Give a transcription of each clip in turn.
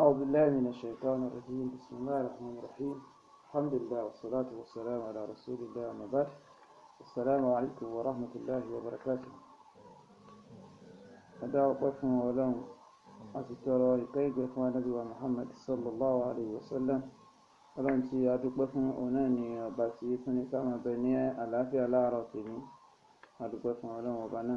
أعوذ بالله من الشيطان الرجيم بسم الله الرحمن الرحيم الحمد لله والصلاة والسلام على رسول الله أما بعد السلام عليكم ورحمة الله وبركاته أدعو قفهم ولهم أتترى إكيد إخوان نبي محمد صلى الله عليه وسلم ولهم tí a dúpẹ́ fún òun náà ni ọba tí tún ní ká máa bẹ ní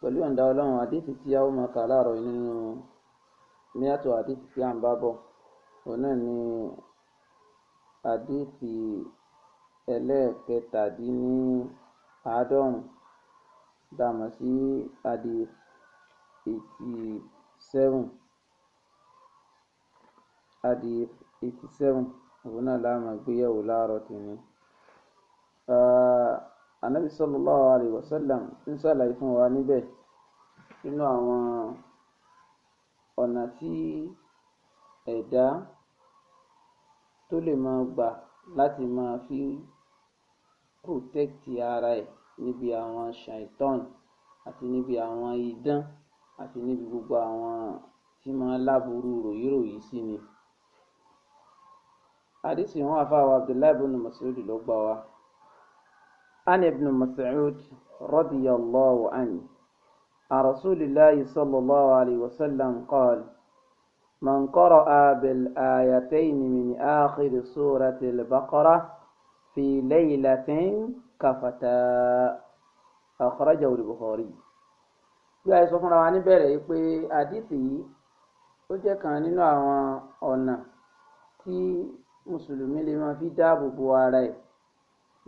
pẹ̀lú ọ̀ǹda ọlọ́run àdéhìí tí a ó máa kà láàárọ̀ yìí nínú míyàtọ̀ àdéhìí tí à ń bá bọ̀ òun náà ni àdéhìí ẹlẹ́ẹ̀kẹtàdínníàádọ́rùn dàmọ̀ sí àdéhìí eighty seven àdéhìí eighty seven òun náà la máa gbéyẹ̀wò láàárọ̀ tòní. Ah, anabi sallallahu alayhi wa sallam ń ṣàlàyé fún wa níbẹ̀ nínú àwọn ọ̀nà tí ẹ̀dá tó lè máa gbà láti máa fi protẹ́kì ara ẹ̀ níbi àwọn ṣàìtọ́n àti níbi àwọn idán àti níbi gbogbo àwọn tí máa láburú ròyìnròyìn sí ni. àdìsí wọn àfa wa Abdullahi ibn Mas'ud ló gbà wá. عن ابن مسعود رضي الله عنه عن رسول الله صلى الله عليه وسلم قال من قرأ بالآيتين من آخر سورة البقرة في ليلة كفتاء أخرجه البخاري bí a sọ fúnra wa níbẹ̀rẹ̀ yìí pé àdìsí yìí ó jẹ́ kan nínú àwọn ọ̀nà tí mùsùlùmí lè máa fi dáàbò bo ara ẹ̀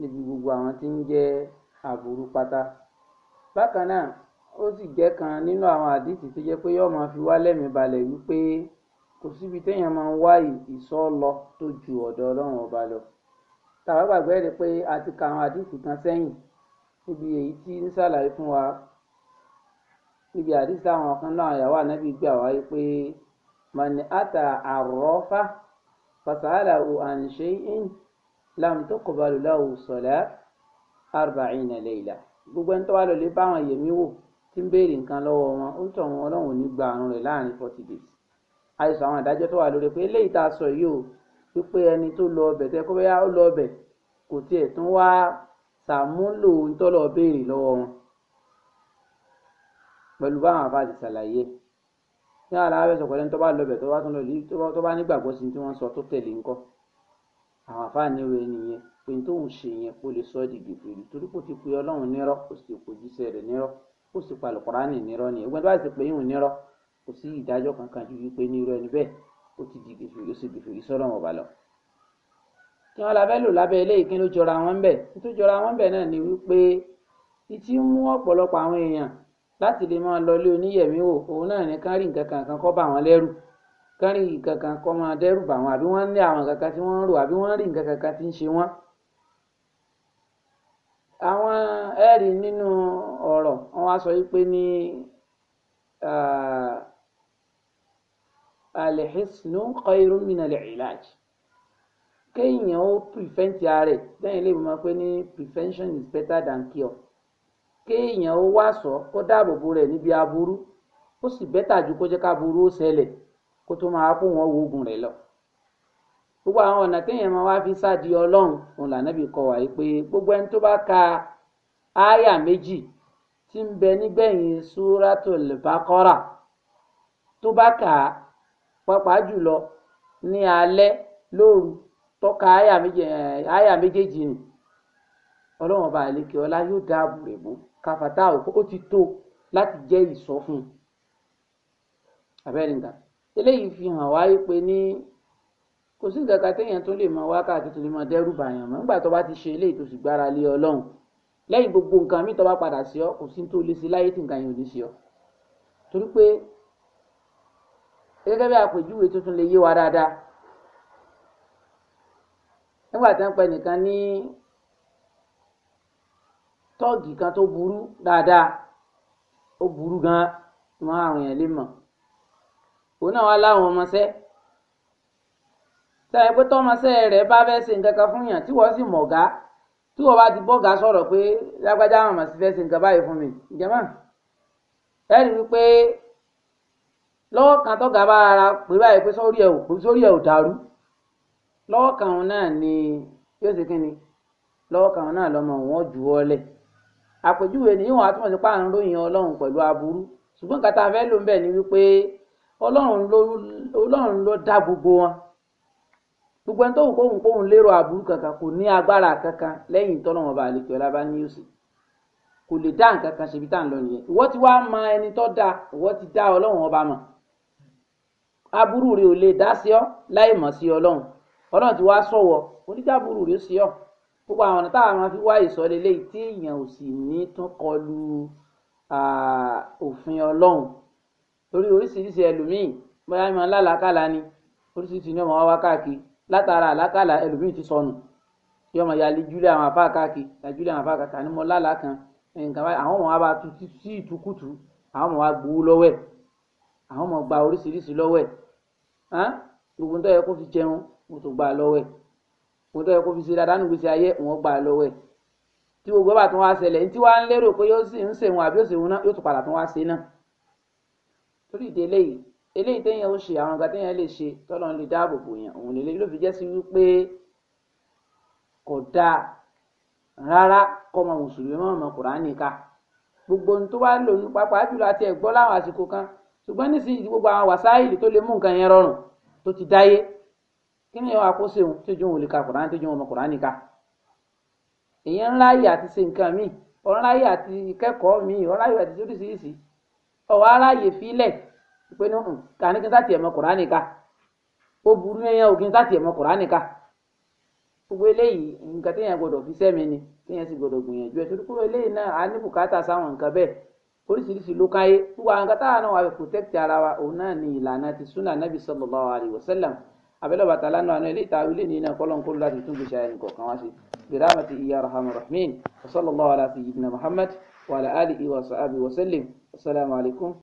níbi gbogbo àwọn tí ń jẹ́ aburú pátá bákan náà ó sì jẹ́ kan nínú àwọn àdìsí tó jẹ́ pé yóò máa fi wá lẹ́mìí balẹ̀ wípé kò síbi téèyàn máa ń wá ìsọ́ lọ tó ju ọ̀dọ̀ ọlọ́run ọba lọ tàbá gbàgbé rẹ pé a ti ka àwọn àdìsí kan sẹ́yìn níbi èyí tí ń ṣàlàyé fún wa níbi àdìsí àwọn kan náà àyàwó ànábì gbà wáyé pé mani ata àrọ́fà fasahala ò àǹṣe ń لم تقبل lahu صلاة أربعين ليلة. gbogbo ẹni tó wá lọlé bá àwọn yẹmí wò tí ń béèrè nǹkan lọ́wọ́ wọn ó ń tọ̀ wọn ọlọ́run ò ní gba àrùn rẹ̀ láàrin forty days àìsàn àwọn ìdájọ́ tó wà lórí pé eléyìí tá a sọ yìí o wípé ẹni tó lọ ọbẹ̀ tẹ́ kó bẹ́yà ó lọ ọbẹ̀ kò tiẹ̀ tún wá sàmúlò ìtọ́lọ̀ béèrè lọ́wọ́ wọn pẹ̀lú báwọn àfa ti ṣàlàyé ní àlàáfẹ́ sọ̀kọ́lẹ́ni tó bá lọ ọbẹ̀ tó bá nígbàgbọ́ sí tí wọ́n sọ tó tẹ̀lé ńkọ́ àwọn àáfàá nírú ẹni yẹn pé ní tóun ṣe yẹn ó lè sọ ọ di kèfèrí torí kò ti pe Ọlọ́run nírọ́ kò sì pe òjíṣẹ́ rẹ̀ nírọ́ kò sì pa Àlùkùránì nírọ́ ni ẹgbẹ tó bá sì pé yíwọn nírọ́ kò sí ìdájọ́ kankan ju wípé nírú ẹni bẹ́ẹ̀ ó ti di kèfèrí ó sì kèfèrí sọ́lọ́run ọba lọ. kí wọn la fẹ́ lò lábẹ́ eléyìí kí ló jọra wọn bẹ̀ tó jọra wọn bẹ̀ náà ni wípé ìtí ń mú ọ̀pọ̀lọpọ̀ àwọn èèyàn láti lè máa lọ ilé oníyẹ̀mí wò òun náà ní rí nǹkan kan kọ́ bá wọn lẹ́rù kán rí nǹkan kan kọ́ máa dẹ́rù bà wọ́n àbí wọ́n ní àwọn nǹkan kan tí wọ́n ń rò àbí wọ́n rí nǹkan kan kan tí ń ṣe wọ́n. àwọn ẹ̀rí nínú ọ̀rọ̀ wọn wá sọ wípé ní alẹ́hìnsínú kọ́ irú mìíràn lẹ́ẹ̀láj kéèyàn ó prevent ara ẹ̀ lẹ́yìn lè mọ̀ pé ní prevention is better than cure kéèyàn ó wá sọ kó dáàbò bo rẹ̀ níbi aburú ó sì bẹ́tà ju kó jẹ́ ká burú ó ṣẹlẹ̀ kó tó máa kó wọn wogun rẹ̀ lọ gbogbo àwọn ọ̀nà téèyàn máa wá fi sáàdì ọlọ́run òun lànàbì kọ wáyé pé gbogbo ẹni tó bá ka ááyà méjì tí ń bẹ nígbẹ̀yìn suratul Baqara tó bá kà á pàápàá jùlọ ní alẹ́ lóru tọ́ka ááyà eh, méjèèjì nì ọlọ́run ọba àlekè ọlá yóò dáàbò rẹ̀ bó kàfàtà ó ti tó láti jẹ́ ìsọ fún un abẹ́rẹ́ eléyìí fi hàn wá pé ní kò sí nǹkan kan téèyàn tún lè mọ wákàtí tó lè mọ dẹ́rù bàyàn mọ́ nígbà tó bá ti ṣe eléyìí tó sì gbára lé Ọlọ́run lẹ́yìn gbogbo nǹkan míì tó bá padà sí ọ kò sí tó lè ṣe láyé tí nǹkan yẹn ò lè ṣe ọ torí pé gẹ́gẹ́ bí àpèjúwe tuntun lè yé wa dáadáa nígbà tí wọ́n pè nìkan ní tọ́ọ̀gì kan tó burú dáadáa ó burú gan ni wọ́n àwọn èèyàn lè mọ̀ òun náà wá láwọn ọmọọṣẹ́ sẹ́yìn pé tọ́mọṣẹ́ rẹ̀ bá fẹ́ ṣe nǹkan kan fún yàn tí wọ́n sì mọ̀ ọ̀gá tí wọ́n bá ti bọ́ọ̀gá sọ̀rọ̀ pé lágbájá àwọn ọmọ sì fẹ́ ṣe nǹkan báyìí fún mi ìjẹ́mà ẹ̀rí wípé lọ́wọ́ kan tọ́gà bá ara pé báyìí pé sórí ẹ̀ ò dàrú lọ́wọ́ kan òun náà ni yóò ṣe kí ni lọ́wọ́ kan òun náà lọ́mọ òun ò jù ọ́ lẹ̀ àpèjúwe ni ìwọ̀n àtúmọ̀ sí pààrọ̀ ròyìn ọlọ́run pẹ̀lú aburú ṣùgbọ́n nǹkan fẹ́ lò ń bẹ̀ ni wípé ọlọ́run ló ọlọ́run ló dá gbogbo wọn gbogbo ẹni tó wù kóhùn kóhùn lérò àbúrú kankan kò ní agbára kankan lẹ́yìn tọ́lọ́wọ́n bá àlejò ọlá bá ní òsì kò lè dá nǹkan kan ṣebí tá à ń lọ nìyẹn ìwọ ti wá mọ ẹni tó dáa ìwọ ti dá ọlọ́run ọba mọ̀ aburú rẹ ò lè dá sí ọ láì mọ̀ sí ọlọ́run ọlọ́run ti wá sọ̀wọ́ oníjàbúrú rẹ sí ọ gbogbo àwọn ọ̀nà táwọn fi wá ìsọ lélẹ́yìí tí èèyàn ò sì ní tún kọlu òfin ọlọ́run torí oríṣiríṣi ẹlòmíì bóyá máa lálàákàlà ni oríṣiríṣi ni ọmọ wa wá káàkiri látara àlákàlà ẹlòmíì ti sọnù yóò máa yálé júlẹ̀ àwọn afá káàkiri júlẹ̀ àwọn afá káàkiri àní mo lálàá kan nǹkan báyìí àwọn ọmọ wa bá tu sí ìtukùtù àwọn ọmọ wa gbowó lọ́wọ́ ẹ̀ àwọn ọmọ gba oríṣiríṣi lọ́wọ́ ẹ̀ hàn gbogbo tó yẹ kó fi jẹun mo tó gbà lọ́wọ́ ẹ̀ gbogbo tó yẹ kó fi ṣe dáadáa nígbèsè ayé wọn gbà lọ́wọ́ tí gbogbo bá tún wá ṣẹlẹ̀ ní tí wàá ń lérò pé yóò sì ń ṣèwọn àbí yóò ṣèwọn náà yóò tún padà tún wá ṣe náà torí ìdí eléyìí eléyìí téèyàn ó ṣe àwọn nǹkan téèyàn lè ṣe tọ́lọ́run lè dáàbò bò yàn òun lè ló fi jẹ́ sí wípé kò dáa rárá kọ́mọ mùsùlùmí mọ̀mọ́ kùránì ká gbogbo ohun tó bá lò ní pápá jùlọ àti ẹ̀gbọ́ láwọn àsìkò kan ṣùgbọ́n nísìnyí gbogbo àwọn wàsáìlì tó lè mú nǹkan yẹn rọrùn tó ti dáyé kí ni ìwà kó ṣeun tó jẹun òlìkà kùránì tó jẹun ọmọ kùránì ká èyí ńlá yìí àti ṣe nǹkan míì ọ̀nláyé àti kẹ́kọ̀ọ́ míì ọ̀nláyé àti oríṣiríṣi ọwọ́ aráàyè fílẹ̀ pé ní kàní kí n sá tiẹ̀ mọ kùránì ká ó burú yẹn ò kí n sá tiẹ̀ mọ kùránì ká gbogbo eléyìí nǹkan téèyàn gbọdọ̀ fi sẹ́mi ni téèyàn sì gbọdọ̀ gbìyànjú ẹ̀ torí kúrò eléyìí náà á ní bùkátà sáwọn nǹkan bẹ́ẹ̀ oríṣiríṣi ló káyé gbogbo àwọn kátà náà wà fi protect ara wa òun náà ni ìlànà ti súnà nàbì sallallahu alaihi wasallam abẹ́lẹ̀ bàtà lánàá náà ilé ìtawí lè ní iná kọ́lọ́nkó láti tún gbèsè àyè nǹkan wá sí bìràmàtì ìyá rahman rahman sallallahu ala wa ala السلام عليكم